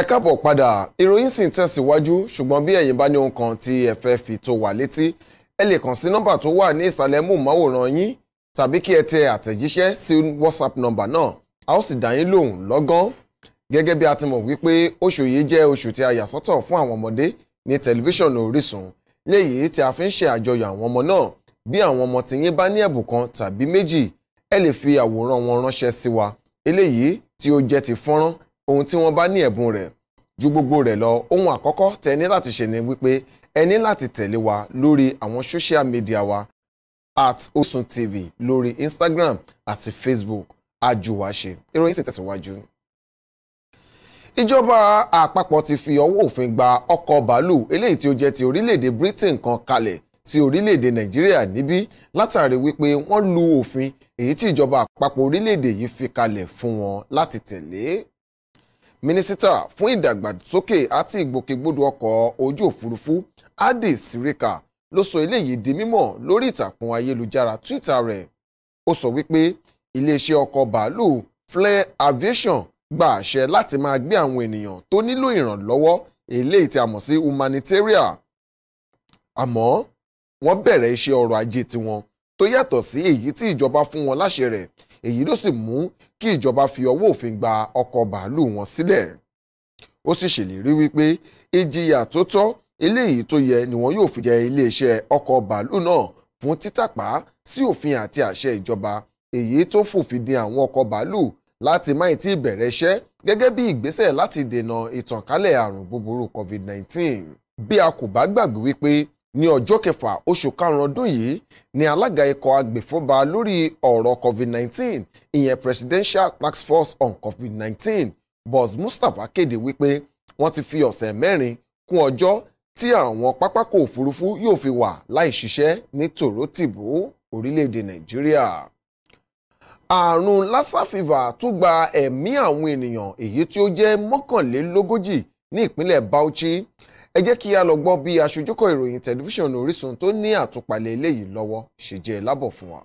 ẹ káàbọ̀ padà ìròyìn sì ń tẹ̀síwájú ṣùgbọ́n bí ẹ̀yin bá ní ohun kan tí ẹ fẹ́ fi tó wa létí ẹ lè kàn sí nọ́mbà tó wà ní ìsàlẹ̀ mùmáwòrán yín tàbí kí ẹ tẹ àtẹ̀jíṣẹ́ sí whatsapp nọ́mbà náà a ó sì dá yín lóhùn lọ́gán gẹ́gẹ́ bí a ti mọ̀ wípé oṣù yìí jẹ́ oṣù tí a yà sọ́tọ̀ fún àwọn ọmọdé ní tẹlifíṣàn Orísun léyìí tí a fi ń ṣe àjọyọ̀ àwọn ọmọ náà bí àwọn ọmọ tìyín bá ní ẹ̀bùn ohun tí wọ́n bá ní ẹ̀bùn rẹ̀ ju gbogbo rẹ̀ lọ ohun àkọ́kọ́ tẹ́ ní láti ṣe ni wípé ẹ ní láti tẹ̀lé wa lórí àwọn social media wa at Orísun TV lórí Instagram àti Facebook àjùwàṣe ìròyìn sì tẹ̀síwájú. Ìjọba àpapọ̀ ti fi ọwọ́ òfin gba ọkọ̀ bàálù eléyìí tí ó jẹ́ ti orílẹ̀-èdè Britain kan kalẹ̀ sí orílẹ̀-èdè Nàìjíríà níbí látàrí wípé wọ́n lu òfin èyí tí ìjọba àpapọ̀ orílẹ̀-èdè yìí fi kalẹ̀ fún wọn láti tẹ̀lé mínísítà fún ìdàgbàsókè àti ìgbòkègbodò ọkọ̀ ojú òfurufú Hadi Sirika ló sọ eléyìí di mímọ̀ lórí ìtàkùn ayélujára Twitter rẹ̀ ó sọ wípé iléeṣẹ́ ọkọ̀ bàálù Flair Aviation gba àṣẹ láti máa gbé àwọn ènìyàn tó nílò ìrànlọ́wọ́ eléyìí tí a mọ̀ sí humanitarian àmọ́ wọ́n bẹ̀rẹ̀ iṣẹ́ ọrọ̀ ajé tiwọn tó yàtọ̀ sí èyí tí ìjọba fún wọn láṣẹ rẹ̀ èyí ló sì mú kí ìjọba fi ọwọ́ òfin gba ọkọ̀ bàálù wọn sílẹ̀ ó sì ṣèlérí wípé ìjìyà tó tọ́ eléyìí tó yẹ ni wọn yóò fi jẹ iléeṣẹ́ ọkọ̀ bàálù náà fún títàpá sí òfin àti àṣẹ ìjọba èyí tó fòfin de àwọn ọkọ̀ bàálù láti má tí ì bẹ̀rẹ̀ iṣẹ́ gẹ́gẹ́ bí ìgbésẹ̀ láti dènà ìtànkálẹ̀ àrùn búburú COVID-19 bí a kò bá gbàgbé wípé ní ọjọ́ kẹfà oṣù karùn-ún ọdún yìí ni alága ikọ̀ agbèfọ́ba lórí ọ̀rọ̀ covid-19 ìyẹn presidential task force on covid-19 boss mustapha kéde wípé wọ́n ti fi ọ̀sẹ̀ mẹ́rin kún ọjọ́ tí àwọn pápákọ̀ òfurufú yóò fi wà láì ṣiṣẹ́ ní tòrótìbó orílẹ̀-èdè nàìjíríà. àrùn lassa fever tún gba ẹ̀mí àwọn ènìyàn èyí tí ó jẹ́ mọ́kànlélógójì ní ìpínlẹ̀ bauchi ẹ jẹ́ kí a lọ gbọ́ bí aṣojúkọ̀ ìròyìn tẹlifíṣàn Orísun tó ní àtúpalẹ̀ eléyìí lọ́wọ́ ṣe jẹ́ lábọ̀ fún wa.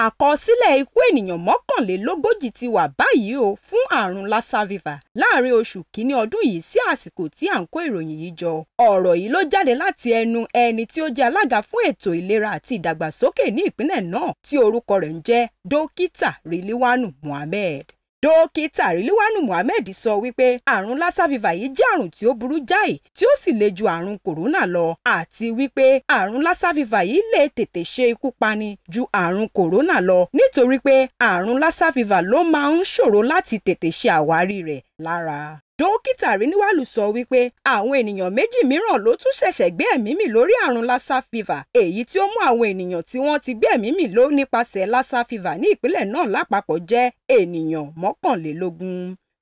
Àkọsílẹ̀ ikú ènìyàn mọ́kànlélógójì ti wà báyìí o fún àrùn Lassa fever láàrin oṣù kínní ọdún yìí sí àsìkò tí à ń kó ìròyìn yìí jọ. Ọ̀rọ̀ yìí ló jáde láti ẹnu ẹni tí ó jẹ́ alága fún ètò ìlera àti ìdàgbàsókè ní ìpínlẹ̀ náà tí orúkọ rẹ̀ ń jẹ́ dókítà Riliwanu Mohammed dókítà Rilwanu Muhammed sọ wípé àrùn lassa fever yìí jẹ́ àrùn tí ó burú jáì tí ó sì le ju àrùn kòrónà lọ àti wípé àrùn lassa fever yìí lè tètè ṣe ikú pani ju àrùn kòrónà lọ nítorí pé àrùn lassa fever ló máa ń ṣòro láti tètè ṣe àwárí rẹ̀ lára dókítà Rínúwálù sọ wípé àwọn ènìyàn méjì mìíràn ló tún ṣẹ̀ṣẹ̀ gbé ẹ̀mí mì lórí àrùn Lassa fever èyí tí ó mú àwọn ènìyàn tí wọ́n ti gbé ẹ̀mí mì lọ nípasẹ̀ Lassa fever ní ìpínlẹ̀ náà lápapọ̀ jẹ́ ènìyàn mọ́kànlélógún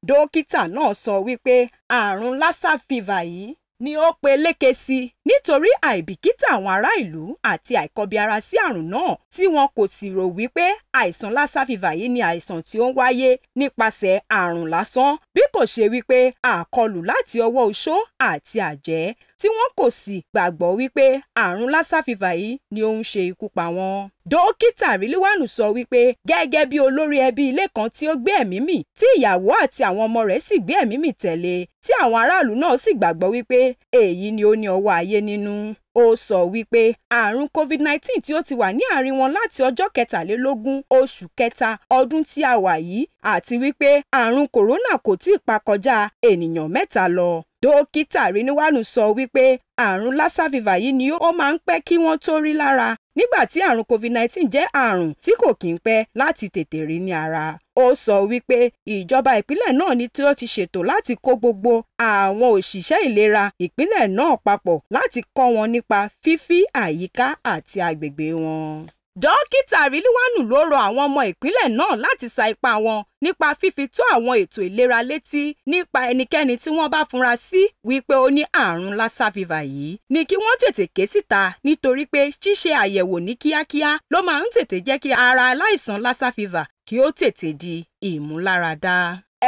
dókítà náà sọ wípé àrùn Lassa fever yìí ni ó peléke sí nítorí àìbìkítà àwọn ará ìlú àti àìkọbiara sí àrùn náà tí wọn kò sì rò wípé àìsàn lassa yìí ni àìsàn tí ó ń wáyé nípasẹ̀ àrùn lásán bí kò ṣe wípé àkọlù láti ọwọ́ oṣó àti àjẹ́ tí wọn kò sì gbàgbọ́ wípé àrùn lassa yìí ni ó ń ṣe ikú pa wọn. dókítà rilíwánu sọ wípé gẹ́gẹ́ bí olórí ẹbí ilé kan tí ó gbé ẹ̀mí mì tí ìyàwó àti àwọn ọmọ rẹ̀ sì gbé ẹ̀mí mì tẹ̀lé tí àwọn aráàlú náà sì gbàgbọ́ wípé èyí ni ó ní ọwọ́ ayé nínú ó sọ wípé àrùn covid-19 tí ó ti wà ní àárín wọn láti ọjọ́ kẹtàlélógún oṣù kẹta ọdún tí a wà yìí àti wípé àrùn kòrónà kò tí ì pa kọjá ènìyàn mẹ́ta lọ dókítà Rínúwánu sọ wípé àrùn lassa fever yìí ni ó máa ń pẹ́ kí wọ́n tó rí lára nígbà tí àrùn covid-19 jẹ́ àrùn tí kò kí ń pẹ́ láti tètè rí ní ara ó sọ wípé ìjọba ìpínlẹ̀ náà ni tí ó ti ṣètò láti kó gbogbo àwọn òṣìṣẹ́ ìlera ìpínlẹ̀ náà papọ̀ láti kọ́ wọn ní nípa fífi àyíká àti agbègbè wọn. Dókítà Rilwanu ló rọ àwọn ọmọ ìpínlẹ̀ náà láti sa ipá wọn nípa fífi tó àwọn ètò ìlera létí nípa ẹnikẹ́ni tí wọ́n bá funra sí wípé ó ní àrùn Lassa fever yìí ni kí wọ́n tètè ké síta nítorí pé ṣíṣe àyẹ̀wò ní kíákíá ló máa ń tètè jẹ́ kí ara aláìsàn Lassa viva. kí ó tètè di ìmúláradá.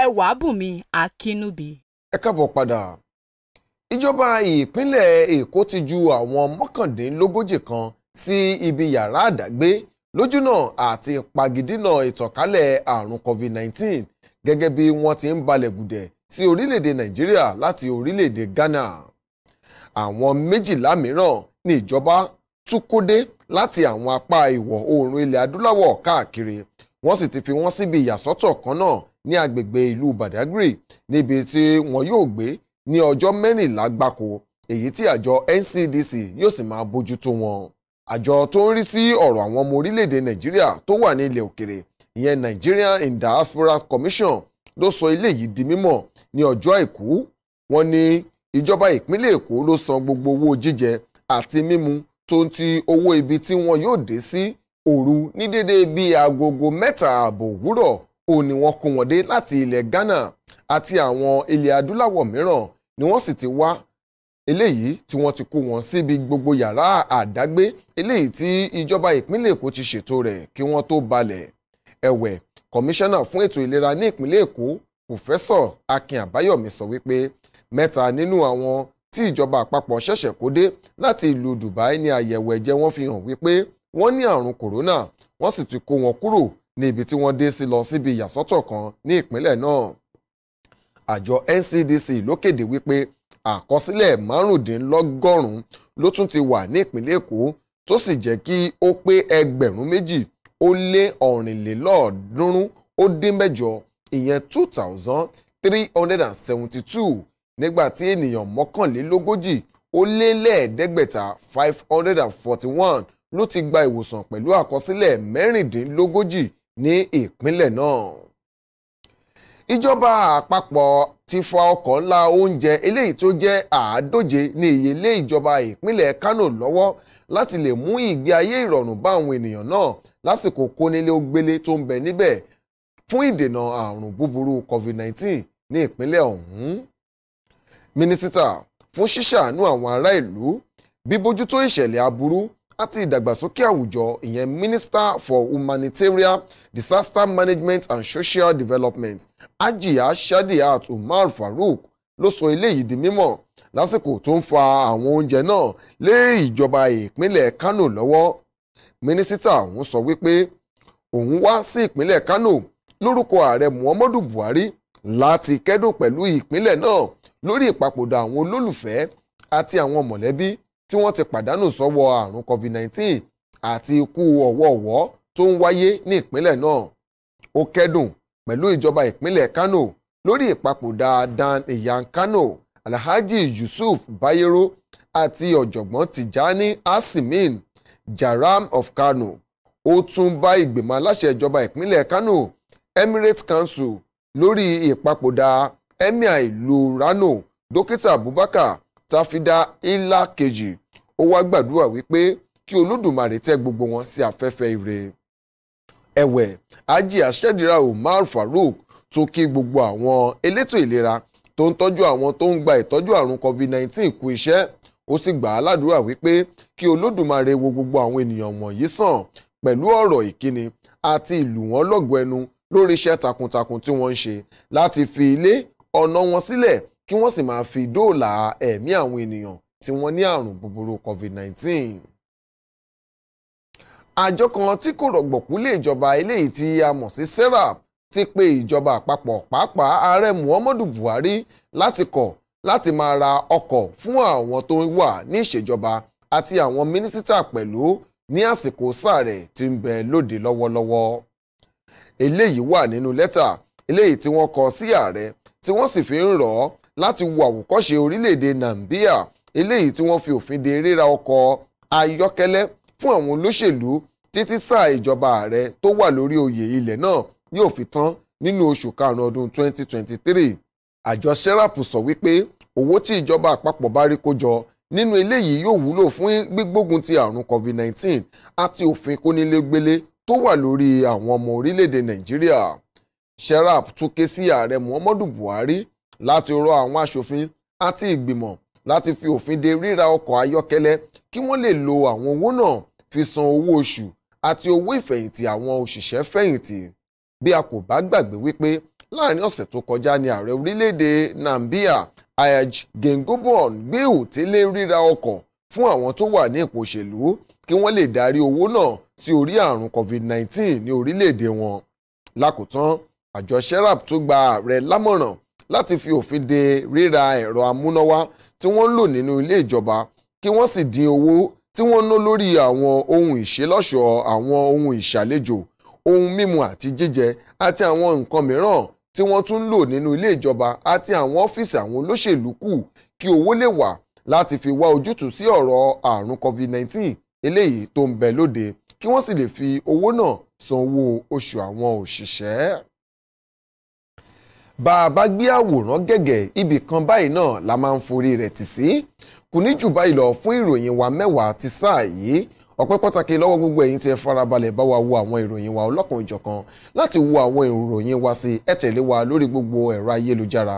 Ẹwàbùnmi Akínúbi. Ẹ káàbọ̀ padà ìjọba ìpínlẹ̀ èkó ti ju àwọn mọ́kàndínlógójì kan sí ibi yàrá àdágbé lójúnà àti pagidínà ìtànkálẹ̀ àrùn covid-19 gẹ́gẹ́ bí wọ́n ti ń balẹ̀ gùdẹ̀ sí orílẹ̀-èdè nàìjíríà láti orílẹ̀-èdè ghana àwọn méjìlá mìíràn ni ìjọba tún kó dé láti àwọn apá ìwọ̀ oòrùn ilẹ̀ adúláwọ̀ káàkiri wọ́n sì ti fi wọ́n síbi ìyàsọ́tọ̀ kan náà ní agbègbè ìlú badagry níbi tí wọ́n yóò gbé ní ọjọ́ mẹ́rìnlá gbáko èyí tí àjọ NCDC yóò sì máa bójú tó wọn àjọ tó ń rí sí ọ̀rọ̀ àwọn ọmọ orílẹ̀-èdè Nàìjíríà tó wà ní ilẹ̀ òkèrè ìyẹn Nigerian in Commission ló sọ eléyìí di mímọ̀ ní ọjọ́ àìkú wọ́n ní ìjọba ìpínlẹ̀ Èkó ló san gbogbo owó jíjẹ àti mímu tó ń ti owó ibi tí wọn yóò dé sí òru ní déédéé bíi agogo mẹ́ta ààbò òwúrọ̀ òní wọn kó wọn dé láti ilẹ̀ Ghana àti àwọn ilẹ̀ adúláwọ̀ mìíràn ni wọ́n sì ti wá eléyìí tí wọ́n ti kó wọn síbi gbogbo yàrá àdágbé eléyìí tí ìjọba ìpínlẹ̀ Èkó ti ṣètò rẹ̀ kí wọ́n tó balẹ̀ ẹ̀wẹ̀ kọmíṣánná fún ètò ìlera ní ìpínlẹ̀ Èkó pòfẹ́sọ̀ Akin Àbáyọ̀mí sọ wípé mẹ́ta nínú àwọn tí ìjọba àpapọ̀ ṣẹ̀ṣẹ̀ kó dé láti ìlú Dubai ní àyẹ̀wò ẹ̀jẹ̀ wọn fi hàn wípé wọ́n ní àrùn kòrónà wọ́n sì ti kó wọn kúrò ní ibi tí wọ́n dé sí lọ síbi ìyàsọ́tọ̀ kan ní ìpínlẹ̀ náà àjọ NCDC ló kéde wípé àkọsílẹ̀ márùndínlọ́gọ́rùn-ún ló tún ti wà ní ìpínlẹ̀ Èkó tó sì jẹ́ kí ó pé ẹgbẹ̀rún méjì ó lé ọ̀rìnlélọ́ọ̀ọ́dúnrún ó dín mẹ́jọ ìyẹn two thousand three hundred and seventy two nígbà tí ènìyàn mọ́kànlélógójì ó lé lẹ́ẹ̀ẹ́dẹ́gbẹ̀ta five hundred and forty one ló ti gba ìwòsàn pẹ̀lú àkọsílẹ̀ mẹ́rìndínlógójì ní ìpínlẹ̀ náà ìjọba àpapọ̀ ti fa ọkọ̀ ńlá oúnjẹ eléyìí tó jẹ́ àádóje ní iye ilé ìjọba ìpínlẹ̀ Kánò lọ́wọ́ láti lè mú ìgbé ayé ìrọ̀rùn bá àwọn ènìyàn náà lásìkò kónílé ógbélé tó ń bẹ níbẹ̀ fún ìdènà àrùn búburú COVID-19 ní ìpínlẹ̀ ọ̀hún. mínísítà fún ṣíṣàánú àwọn ará ìlú bíbójútó ìṣẹ̀lẹ̀ aburú àti ìdàgbàsókè àwùjọ ìyẹn minister for humanitarian disaster management and social development ajiya shadiat umar farouk ló sọ eléyìí di mímọ̀ lásìkò tó ń fa àwọn oúnjẹ náà lé ìjọba ìpínlẹ̀ kánò lọ́wọ́ mínísítà ọ̀hún sọ wípé òun wá sí ìpínlẹ̀ kánò lórúkọ ààrẹ muhammadu buhari láti kẹ́dùn pẹ̀lú ìpínlẹ̀ náà lórí ìpapòdà àwọn olólùfẹ́ àti àwọn mọ̀lẹ́bí tí wọ́n ti pàdánù sọ́wọ́ àrùn COVID-19 àti ikú ọ̀wọ̀ọ̀wọ́ tó ń wáyé ní ìpínlẹ̀ náà ó kẹ́dùn pẹ̀lú ìjọba ìpínlẹ̀ Kano lórí ìpapòdà Dan Iyan Kano Alhaji Yusuf Bayero àti ọ̀jọ̀gbọ́n Tijani Asimin Jaram of Kano ó tún bá ìgbìmọ̀ aláṣẹ ìjọba ìpínlẹ̀ Kano Emirates Council lórí ìpapòdà emir ìlú Rano Dókítà Abubakar Tafida ìlà kejì ó wá gbàdúrà wípé kí olódùmarè tẹ́ gbogbo wọn sí afẹ́fẹ́ ire ẹ̀wẹ̀ ajé àṣẹ́dìrà Umar Farouk tún kí gbogbo àwọn elétò ìlera tó ń tọ́jú àwọn tó ń gba ìtọ́jú àrùn COVID-19 kú iṣẹ́ ó sì gbà á ládùúrà wípé kí olódùmarè wo gbogbo àwọn ènìyàn wọ̀nyí sàn pẹ̀lú ọ̀rọ̀ ìkíni àti ìlú wọn lọ́gọ̀ọ́ ẹnu lórí iṣẹ́ takuntakun tí wọ́n ń ṣe láti fi ilé ọ̀nà wọn sílẹ̀ kí wọ́n sì máa fi dóòlà ẹ̀mí àwọn ènìyàn tí wọ́n ní àrùn búburú COVID-19. àjọ kan tí kò rọ̀gbọ̀kú lé ìjọba eléyìí tí a mọ̀ sí serap ti pe ìjọba àpapọ̀ pàápàá ààrẹ Muhammadu Buhari láti kọ̀ láti máa ra ọkọ̀ fún àwọn tó wà ní ìṣèjọba àti àwọn mínísítà pẹ̀lú ní àsìkò sáà rẹ̀ tí ń bẹ lóde lọ́wọ́lọ́wọ́ eléyìí wà nínú lẹ́tà eléyìí tí wọ́n kọ sí ààrẹ tí wọ́n sì fi ń rọ̀ ọ́ láti wo àwòkọ́ṣe orílẹ̀-èdè Nàìjíríà eléyìí tí wọ́n fi òfin de ríra ọkọ̀ ayọ́kẹ́lẹ́ fún àwọn olóṣèlú títí sáà ìjọba ààrẹ tó wà lórí oyè ilẹ̀ náà yóò fi tán nínú oṣù karùn-ún ọdún 2023 àjọ serap sọ wípé owó tí ìjọba àpapọ̀ bá rí kó jọ nínú eléyìí yóò wúlò fún gbígbógun ti àrùn covid-19 àti òfin kónílégbélé tó wà lórí àwọn ọmọ orílẹ̀-èdè nàìjíríà serap tún ké sí ààrẹ muhammadu buhari láti rọ àwọn aṣòfin àti ìgbìmọ̀ láti fi òfin de ríra ọkọ̀ ayọ́kẹ́lẹ́ kí wọ́n lè lo àwọn owó náà fi san owó oṣù àti owó ìfẹ̀yìntì àwọn òṣìṣẹ́ fẹ̀yìntì bí a kò bá gbàgbé wípé láàrin ọ̀sẹ̀ tó kọjá ni ààrẹ orílẹ̀-èdè Nàmbíà Ayaj Gengobon gbé òtélé ríra ọkọ̀ fún àwọn tó wà ní ipò òṣèlú kí wọ́n lè darí owó náà sí orí àrùn COVID-19 ní orílẹ̀-èdè wọn. lákòótán àjọ SHERAP tó gba ààrẹ lámọ̀ràn láti fi òfin de ríra ẹ̀rọ amúnáwá tí wọ́n ń lò nínú ilé ìjọba kí wọ́n sì dín owó tí wọ́n ná lórí àwọn ohun ìṣelọ́ṣọ̀ọ́ àwọn ohun ìṣàlejò ohun mímu àti jíjẹ àti àwọn nǹkan mìíràn tí wọ́n tún lò nínú ilé ìjọba àti àwọn ọ́fíìsì àwọn olóṣèlú kù kí owó lè wà láti fi wá ojútùú sí ọ̀rọ̀ àrùn covid-19 eléyìí tó ń bẹ lóde kí wọ́n sì lè fi owó náà sanwó oṣù àwọn òṣìṣẹ́ bá a bá gbé àwòrán gẹ́gẹ́ ibì kan báyìí náà la máa ń forí rẹ̀ tì sí kò ní jù báyìí lọ fún ìròyìn wa mẹ́wàá ti sáà yìí ọpẹ́ pàtàkì lọ́wọ́ gbogbo ẹ̀yin tí ẹ farabalẹ̀ bá wa wo àwọn ìròyìn wa ọlọ́kan ìjọ̀kan láti wo àwọn ìròyìn wa sí ẹ tẹ̀lé wa lórí gbogbo ẹ̀rọ ayélujára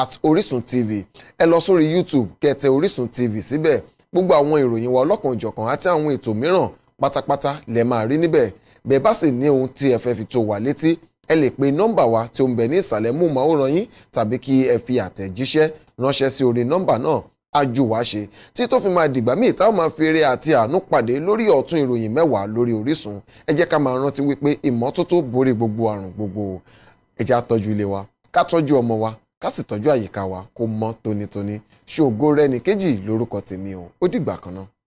at Orísun TV ẹ lọ sórí YouTube kẹtẹ Orísun TV síbẹ̀ gbogbo àwọn ìròyìn wa ọlọ́kan ìjọ̀kan àti àwọn ètò mìíràn pátápátá lẹ máa rí níbẹ̀ bẹ́ẹ̀ bá sì ní ohun tí ẹ fẹ́ fi tó wa létí ẹ lè pe nọ́mbà wa tí ó ń bẹ ní ìsàlẹ̀ mú màwòrán yín tàbí kí ẹ fi àtẹ̀jíṣẹ́ ránṣẹ́ sí orí nọ́mbà náà àjùwáṣe tí tó fi máa dìgbà míì táwọn máa fèrè àti àánú pàdé lórí ọ̀tún ìròyìn mẹ́wàá lórí Orísun ẹ jẹ́ ká máa rántí wípé ìmọ́tótó borí gbogbo àrùn gbogbo ẹ tọ́jú ilé wa ká tọ́jú ọmọ wa ká sì tọ́jú àyíká wa kó mọ́ tónítóní ṣògo rẹ́ni kejì lórúkọ tèmi o ó dìgbà kan náà.